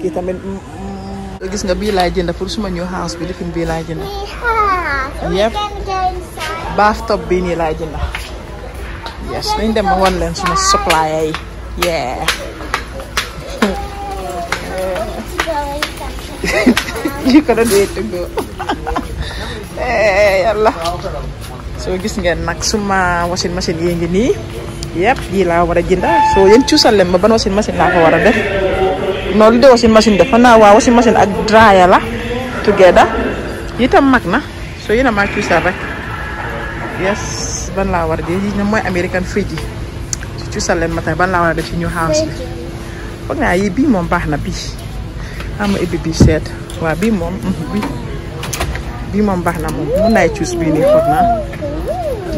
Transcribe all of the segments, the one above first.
kita tamit mm, mm. gis nga bi laay jënd pour suma ñu house bi defin bi laay jënd yep bathtub bi ni laay jënd yes ñu dem won len suma supply, ay yeah you couldn't wait to go eh yalla ya so gis ngeen nak suma washing machine yi ngi nii yëpp yii laa war so yeen ciusal leen ma ban washing machine la ko wara def no lude washing machine da fana wa washing machine ak dryer la together yitam mag na so na ma cuusaar rek yes ban laa war a dee yi mooy American fridge yi su cuusal a def ci new house bi foog naa yi bii moom baax na bii am ibbi bii seet waa bii moom mhm, bii bii moom baax na moom mun naay cuus bii nii foog naa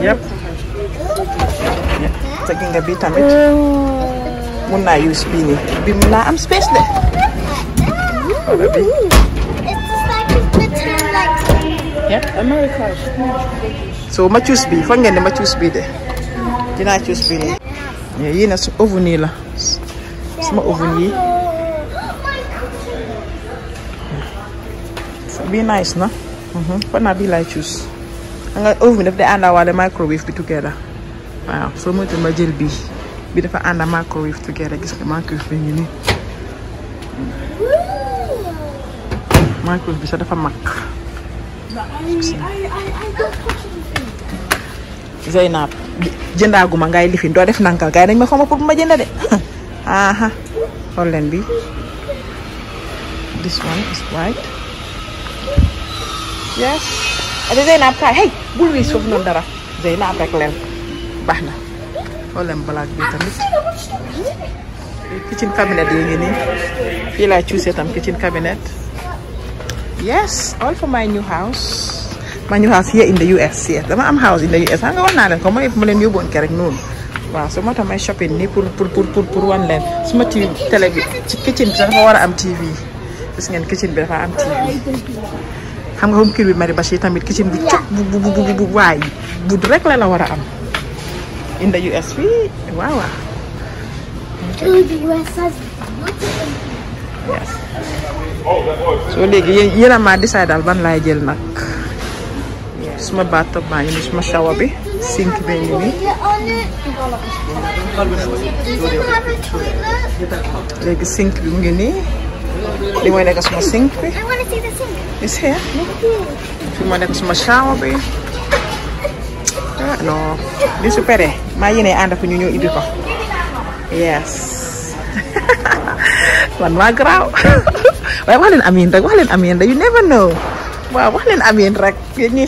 yëpp yëpp te tamit Muna na use spinning. Be muna I'm speechless. Oh, baby. It's just like between like. Yep, America. So machus be. Fangen the machus be there. Then I choose spinning. Yeah, you know, oven here. Some oven here. Be nice, no? Mm-hmm. But not be like choose. I'm gonna oven if they and our the microwave be together. Wow, so much my jelly be. bi dafa ànd ak microwave together gis nga microwave bi ngi ni microwave bi sax dafa mak Zainab jëndaaguma ngay e lifin doo def nankal gars yi ma xawma pour ma jënda de aha Holland bi this one is white yes Ada Zainab kaya hey bul wiis foofu Zainab dara Zeynab rek xoolal black bi tamit kitchen cabinet yi ngi ni fi la choose tam kitchen cabinet yes all for my new house my new house here in the US yes dama am house in the US nga wonna len ko moy ma len yobone ke rek non waaw su ma tamay shopping ni pour pour pour pour wan len suma ma TV télé bi ci kitchen bi dafa wara am TV gis ngeen kitchen bi dafa am TV xam nga home kit bi mari bashi tamit kitchen bi cog bu bu bu bu way bu rek la la wara am in the US. We, wow. Okay. US yes. so léegi yaram ma decide daal ban laay jël nak. suma bathtub maa ñu suma shower bi sink bi ñu ni. léegi sink bi mu ngi ni. li moy nek suma sink bi is here fi mo nek suma shower bi ah no, li su maa yéene ànd ak ñu ñëw ibbi ko yes man maa garaaw waaye wax leen amiin rek wax leen amiin rek you never know waaw wax leen amiin rek yéen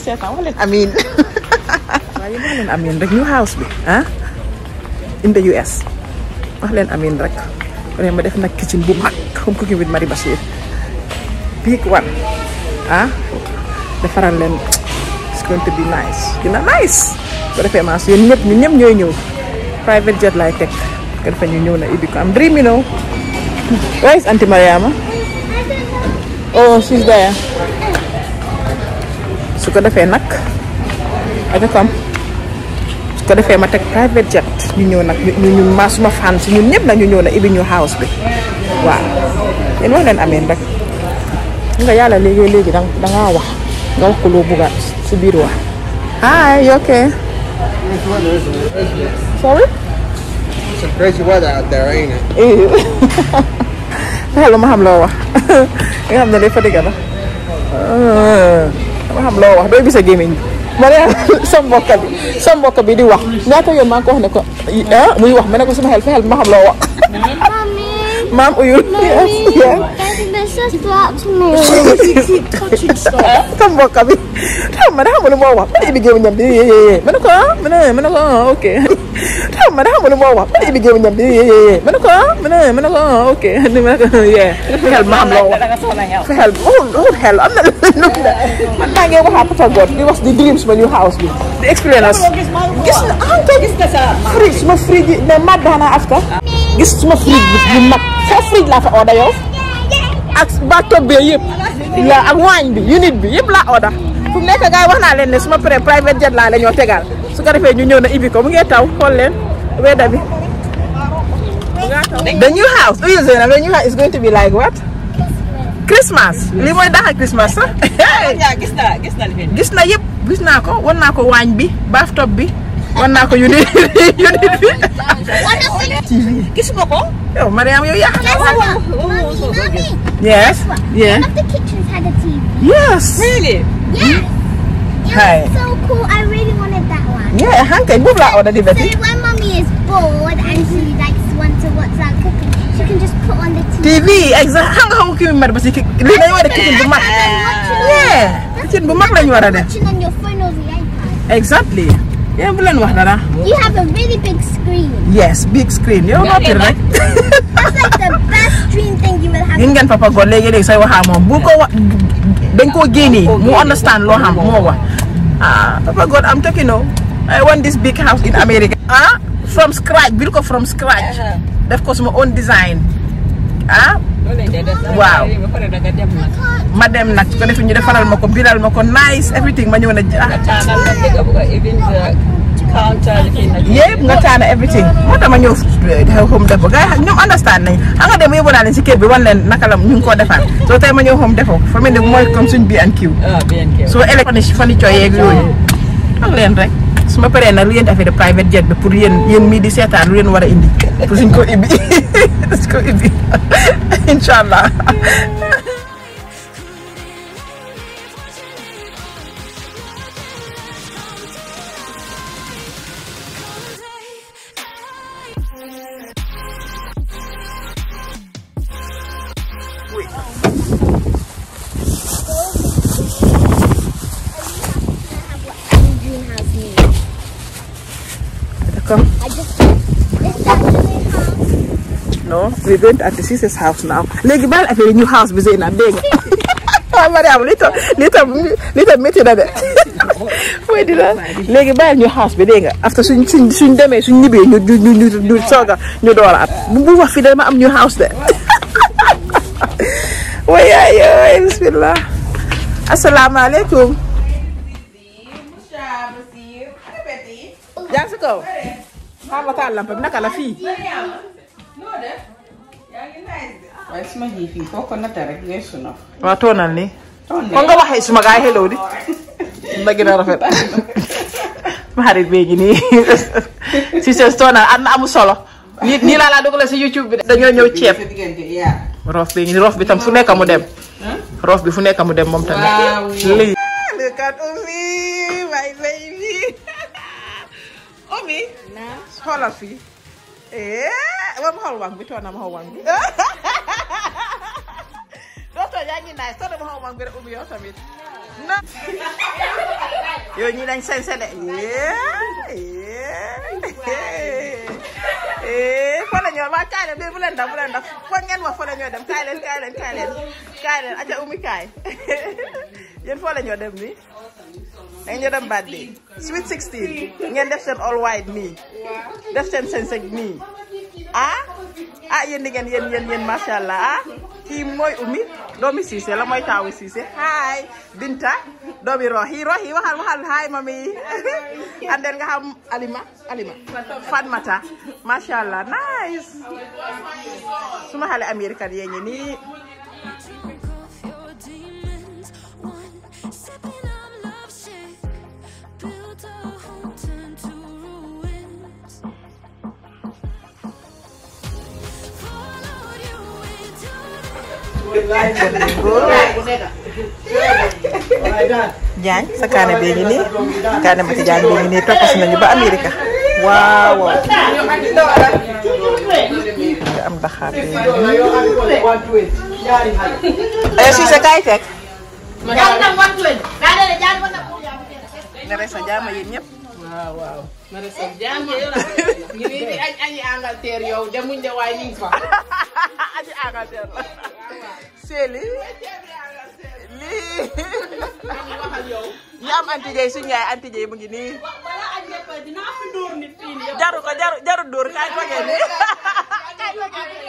house bi ah? in the US wax leen amiin rek ne ma def nag kitchen bu mag home cooking with Marie Bachir big one ah defaral leen it's going to nice dina nice bu defee maas yéen ñëpp ñu ñëpp ñooy ñëw private jet laay teg bu ñu ñëw na Ibi ko am dream you know where is Auntie Mariama oh, su ko defee nag aka ko am su ko defee ma teg private jet ñu ñëw nag ñu ñu maa suma fan si ñun ñëpp nag ñu ñëw na Ibi ñu house bi waaw yéen wax leen ameen rek nga yàlla léegi léegi danga wax nga wax ko loo bëgga si biir wax hi you isn't it? Sorry? It's some crazy weather out there, ain't it? Ew. Hello, mà hầm lồ à? Cái hầm này đi phải đi cả đó. Mà hầm lồ à? Đôi bisa gaming. Mana sambok kabi, sambok kabi diwa. Nata yung mga kohne ko. Eh, umiwa. Mana ko sa mahal, mahal, mahal loo. Mom, uyun. Mom, uyun. princess brought to me. you keep touching stuff. Come on, Kabi. Come on, come on, come on. What did you give me? Yeah, yeah, yeah. Manako, manako, manako. Okay. Come on, come on, come on. What did you give me? Yeah, yeah, yeah. Manako, manako, manako. Okay. Manako, yeah. Hell, mom, Lord. Hell, oh, oh, hell. I'm not looking at. Man, I gave up for God. It was the dreams when you house me. The experience. Gis na, ang to. Gis na sa. Fridge, my fridge. Na mad na after. Gis mo fridge, you mad. Sa fridge la fa order yow. baag toog bee yëpp la ak waañ bi unit bi yëpp laa oda fu mu nekk gars yi wax naa leen ne su ma paree private jet laa la ñoo tegal su ko defee ñu ñëw na ibi ko mu ngi taw xool leen weeda bi. the new house oh yes the new house is going to be like what. Christmas li mooy daxa Christmas sax. gis na gis na li gis na yëpp gis naa ko wan naa ko waañ bi bathtub bi. wan naa ko yu nit yu nit bi. gis nga ko. yow Mariam yow yaa xam ne. yes. Oh, oh, oh, yeah. One of the kitchens had a TV. yes. really. yes. It was so cool. I really wanted that one. yeah hang nga boobu laa order di so when mommy is bored and she likes wants to watch that cooking, she can just put on the TV. TV exactly. Hang nga xam nga kii bi mar ba si kii li kitchen bu mag. yeah kitchen bu mag lañu war a watching on your phone or the iPad. exactly. You have a really big screen. Yes, big screen. You're not it, right? That's like the best dream thing you will have. Yun gan papa gole yun sa wah mo. Buko wa denko gini. Mo understand lo ham mo wa. Ah, papa god, I'm talking no. I want this big house in America. Ah, from scratch. Build from scratch. Of uh-huh. course, my own design. Ah, waaw ma dem nag su ko defee ñu defaral ma ko mbiral ma ko nice everything ma ñëw na ah. nga taana everything moo tax ma ñëw Home Depot gars yi ñoom understand nañ xam ah, nga dem yóbbu naa leen si kër bi wan leen naka la ñu ngi koo defar soo ma ñëw Home Depot fa mel ne mooy comme suñ bi an kiw ah, soo électronique fani cooyeeg yooyu wax leen rek su ma paree nag lu yéen affaire private jet bi pour yéen yéen mii di seetaan lu leen war a indi pour suñ ko ibbi incha allah. we're going to léegi baal affaire yi ñu house bi Zeynab dégg nga ah, Mariam li tam li tam li tam métti léegi bàyyil ñu house bi dégg after suñ suñ suñ demee suñ ñibbee ñu ñu ñu ñu soog a ñu door bu wax fi dama am ñu house de waaye yaay bismillah asalaamaaleykum. yaa waaye su ma ji fii foo ko nga suma hello di. na gën rafet. ma si ses toonal am solo. nii nii laa laa si YouTube bi. dañoo ñëw ceeb. roof bi roof bi tam fu nekk mu dem. bi fu nekk mu dem look at Omi my baby. Omi. xoolal fii. Eh, wam hol wang bi tonam hol wang bi. Doto yaa ngi naay so dem hol wang bi ubbi yow tamit. Na. Yow ñi dañ sen sen de. Eh. Eh, fa la ñoo waa kaay leen bi bu leen daf bu leen daf fa ngeen wax fa la ñoo dem kaay leen kaay leen kaay leen kaay leen aca umi kaay. Yéen fa la ñoo dem ni. Dañ ñu dem baddi. Sweet 16. Ngeen def seen all white nii. def sen sen seg ni ah ah yen di ngeen kan, yen yen yéen macha allah ah kii mooy Oumy doomi la moy tawu Cissé hi Binta doomi Rohi Rohi waxal waxal hi mami andel nga xam Alima Alima Fatmata macha nice suma xale american yee ni jan sekarang kaana bee ngi jadi jan Mati Diagne bee ngi nii toppas ba Amerika waaw waaw nga am daxaar bee nii ay Cissé kaay fekk waaw waaw Marissa eh, jàng yow la ñu ni di añ añi Angleterre yow oh, demuñ de waaye ñu ngi fa añi Angleterre la Séli lii ñu ya, am anti jay suñu yaay anti jay mu ngi nii jaru ko jaru jaru dóor kaay toogee nii kaay toogee nii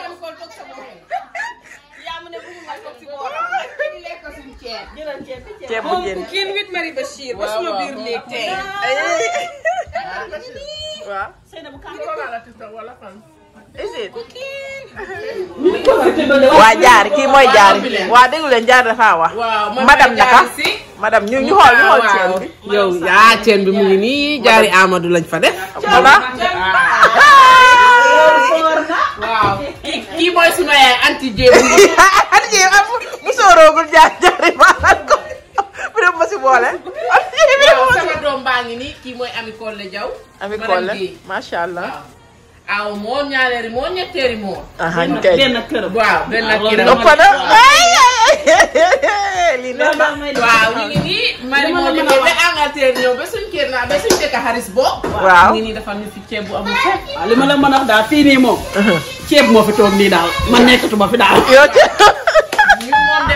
ceeb bu jën ceeb bu jën kenn wit Marie Bachir ba suñu biir néeg tey waaw. waa jaari kii mooy jaari waa déglu leen jaari dafa wax madame naka madame ñu ñu xool ñu xool ceen bi yaa ceen bi mu ngi nii jaari Amadou lañ fa def baba kii mooy sunu yaay anti anti jéem mu sooroogul jaar jaari ba yërëm ma si boole. sama baa ngi nii kii mooy Ami Collé Diaw. Ami Collé macha allah. aw moo ñaareeri moo ñetteeri moo. kay benn këram. waaw ah, na. lii nee na waaw ñu ngi nii. mari moo jógee ba Angleterre ñëw ba suñu bo waaw ñu ngi dafa ñu fi ceeb bu amul ceeb. Ah, waaw li ma la mën a uh-huh. fi daal fi daal.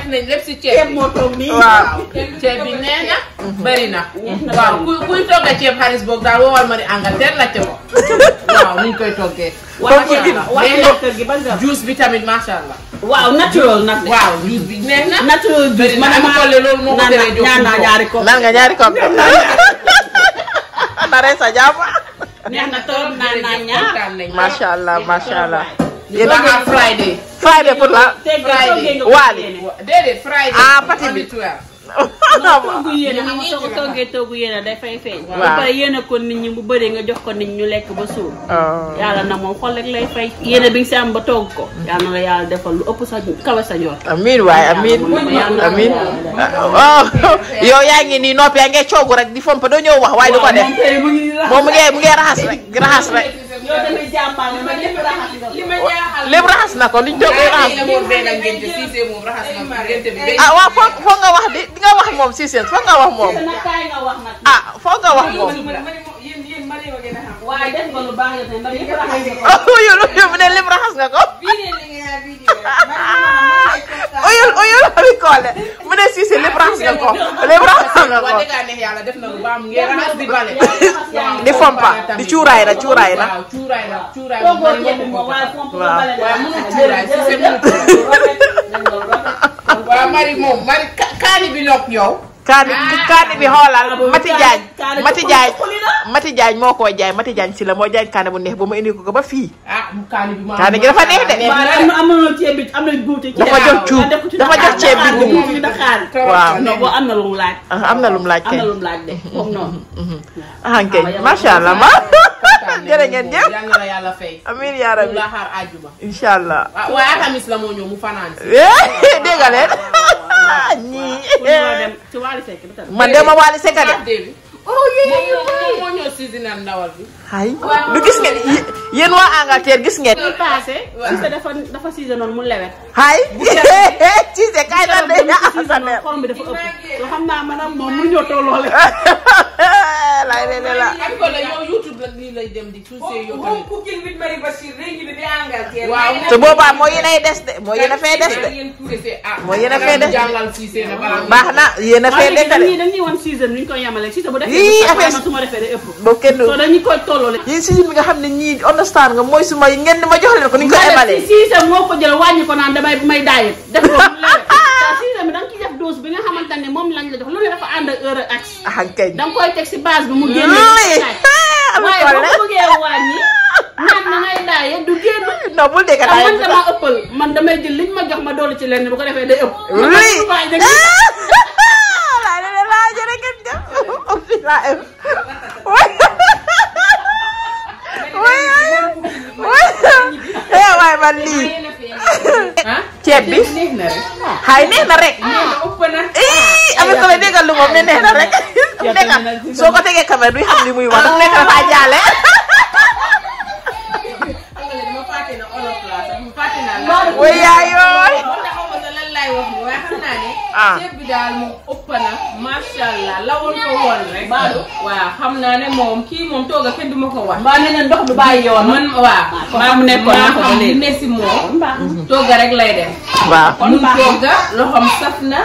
nañ lépp si ceeb moo toog nii waaw ceeb bi nee na mhm. bëri na mhm. waaw ku kuy togga ceeb xaalis boobu daal woowal ma di Angleterre laajte ko waaw nuñ koy bi tamit macha allah waaw natural natural juice man ama tolle loolu moo ko demee jox naan nga ñaari kopp nare sa jàmm neex na trop yéen da nga Friday. Friday pour la. Friday waali. déedéet Friday. ah pati bi. non togg yéene xam nga soo toggee togg yéene dafay feeñ. waaw ba pare yéene ko nit ñi bu bëree nga jox ko nit ñu lekk ba suur. Oh. yàlla na moom xol rek lay fay. yéene bi nga si ba togg ko. Mm. yàlla na la yàlla defal lu ëpp sa kawe sa njort. amiin waay amiin amiin ah, oh. yow yaa ngi nii noppi yaa ngi coogu rek di fomp doo ñëw wax waaye du ko def moom mu ngi mu ngi raxas rek raxas rek. lépp raxas na ko liñ doog raxas. ah waaw foog foog nga wax di nga wax moom Cissé foog nga wax moom. ah foog nga wax moom. waaye def nga lu baax la tey man lépp raxas nga ko. uyul uyul mu ne lépp raxas nga ko. uyul uyul abi koole mu ne nga ko lépp raxas nga ko. fompa di cuuraay la cuuraay la. waaw cuuraay waaw mënul cuuraay si kaani bi yow. kaani kaani bi xoolal Mati Diagne Mati Diagne Mati Diagne moo jaay Mati Diagne si la moo jaay kaani bu neex ba indi ko ba fii. ah kaani bi kaani gi dafa neex de. dafa jox cuub dafa jox ceeb bi waaw waaw am na lum laaj. Ah, am na lum laaj am na lum laaj de foofu noonu. ah kay ah, macha allah ma jërë ngeen jëf. yàlla na yàlla fay. amiin yaa rabbi. incha allah. waaw ah, waaye alxamis la moo ñëw mu fanaan. Eh, dégg ah ñii. man de ma Wally Seck de. oh yéen moom moo ñëw sisinam du gis ngeen yéen waa Angleterre gis ngeen. li dafa dafa siisanoon mu lewet. ay Cissé kay nan de. xasan ah, bi dafa laay reene la. yow YouTube la lii moo yéen ay de moo yéen a fee des de. moo yéen a fee des de. Ah, baax na yéen a fee des de. yii dañuy boo kenn soo dañu koy tolloole. xam ne ñii understand nga mooy su ma ngeen ma jox leen ko ni ko jël may daayet def rouge bi nga xamante ne lañ la jox lu dafa ànd ak heure ak axe ah, da nga koy teg si base bi mu génne waaye boo ko bëggee wàññi naan na ngay daaye du génn non bul dégg daay man dama ëppal man damay jël liñ ma jox ma ci lenn bu ko day ëpp oui am na tamit déggal lu moom ne nee na rek. nekk soo ko tegee caméra duy xam li muy wax dafa nekk dafa jaale. Ah. waaw yaayooy. Ah. ah ceeb bi daal moom ëpp na macha allah lawoon ko woon rek. Badou waaw xam naa ne moom kii moom toog a kenn du ma ko wax. mbaa nee na ndox du bàyyi yoon. man waaw. maa mu nekkoon na ko ba léegi maa xam ne si moom. tooga rek lay def. waaw kon tooga loxoom saf na.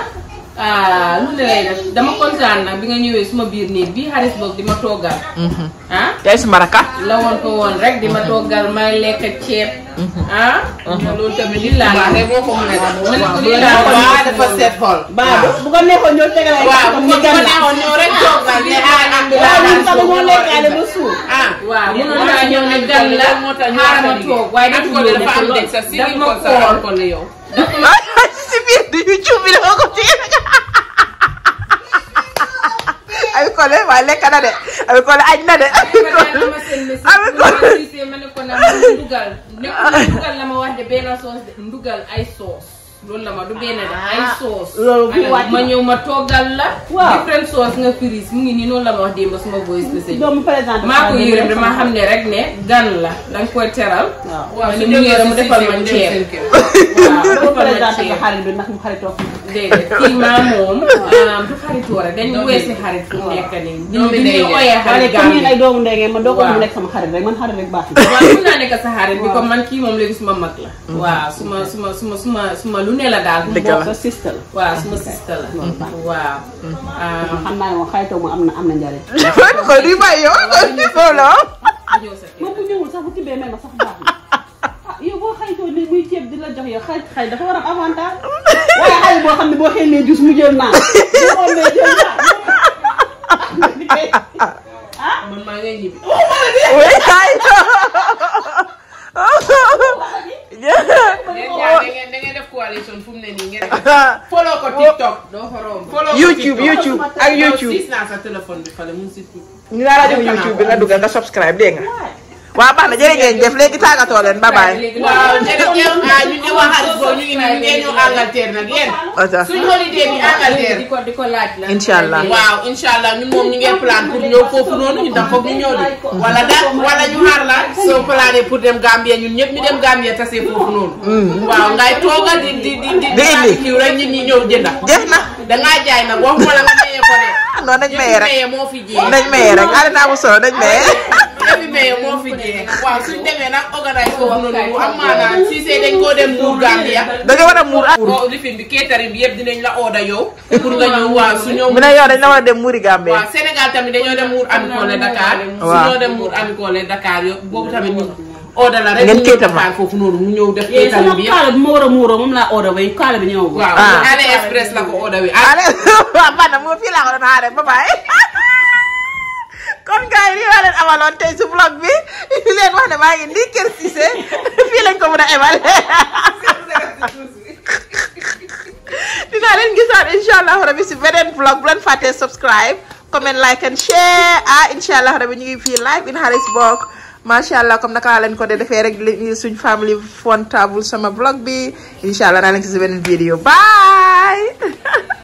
ah lu ne lay def dama kontaan nag bi nga ñëwee suma biir néeg bii xarit boog di ma toggal. Mhm. ah yaay suma rakka. la woon ko woon rek di ma mhm. toggal may lekk ceeb. Mhm. ah. loolu tamit li laa la rek boo ko mën a def. waaw waaw loolu dafa seet xool. waaw bu ko nekkoon ñoo tegal ay waaw ah, bu ko nekkoon ñoo rek toggal ne alhamdulilah. waaw ñun sax moo lekkaale ba suur. ah waaw mënoon naa ñëw ne gan la xaaral ma toog waaye dafa am def daf ma xool. do you chew bi dama ko téye Ami Collé waaye lekk na de Ami Collé añ na de Ami ma ne ko nag ndugal loolu la ma du benn de ay ah, sauce. loolu bu wàcc ma ñëw ma toggal la. waaw different sauce nga firis mu ngi nii noonu la ma wax démb suma boy spécial. doomu présenté maa ko yërëm dama xam rek ne gan la danga koy teral. mu defal ma ceeb waaw présenté ko xarit bi ndax mu xaritoo déedéet kii maa moom du xaritoo rek dañu weesi xarit fu nekk nii. ñun bi ñu oyee xarit gàmm yi ay doomu ndege ma doo ko mu nekk sama xarit rek man xarit rek baax na. waaw mun naa nekk sa mm-hmm. suma suma suma suma suma ne la daal bokk sista la waaw suma sista la waaw xam na ne moom mu am am ko di may yow ko di solo moom bu ñëwul sax bu tibbee may ma sax baax na yow boo xaytoo muy ceeb di la jox yow xay xay dafa war avantage waaye xay boo xam ne boo jus mu jël naa bu xommee jël naa man maa ngay ñibbi way xay def coalition fu mu ne nii ngeen follow ko TikTok. doo ko romb YouTube YouTube ak YouTube. gis naa sa téléphone ñu laa YouTube bi nga dugal nga subscribe dégg nga. waaw baax na jërë ngeen def léegi tàggatoo leen ba baay. waaw jërëjëf ñu di wax xarit boobu ñu ngi nii ñu ngi ñëw Angleterre nag yéen. suñu holiday bi Angleterre. di ko di ko laaj la. incha allah waaw incha allah ñun moom ñu ngi plan pour ñëw foofu noonu ñu tax foofu ñu ñëw di. wala daal wala ñu xaar la soo plané pour dem Gambie ñun ñëpp ñu dem Gambie tase foofu noonu. waaw ngay toogal di di di di. di indi kii rek nit ñi ñëw jënd. def na dangaa jaay nag waxuma la nga mayee ko de. non dañ mayee rek dañ mayee moo fi jiyee. dañ mayee rek alina bu solo dañ mayee MBA moo fi jeex waaw suñ demee nag organise ko noonu am maanaam Cissé dañ koo dem muur Gambia. da nga war a muur waaw lifin bi catering bi yëpp dinañ la ooda yow. pour nga ñëw waaw su ñëw. mu ne yow dañ la war a dem muuri Gambia. waaw Sénégal tamit dañoo dem muur Amicoole Dakar. waaw su ñoo dem muur Amicoole Dakar yow boobu tamit ñu. oda la rek ngeen kéetal ma foofu noonu mu ñëw def. kéetal bi yëpp kaala bi ma war a muuroo moom laa oda way kaala bi ñëwagul. waaw ah. ale express la ko oda wi. ale waaw man de moom fii laa ko doon aaree ba bàyyi kon gars ini wala amalon tay amaloon vlog bi di leen wax ne ma ngi nii ci Cissé fi lañ ko mëna a dina leen allah rabi si beren vlog bu leen faté subscribe comment like and share ah inshallah allah ñu ngi fi live in Harrisburg macha allah comme naka lañ ko de defee rek suñ family fon table sama vlog bi Insya allah lañ ci beren video. bye.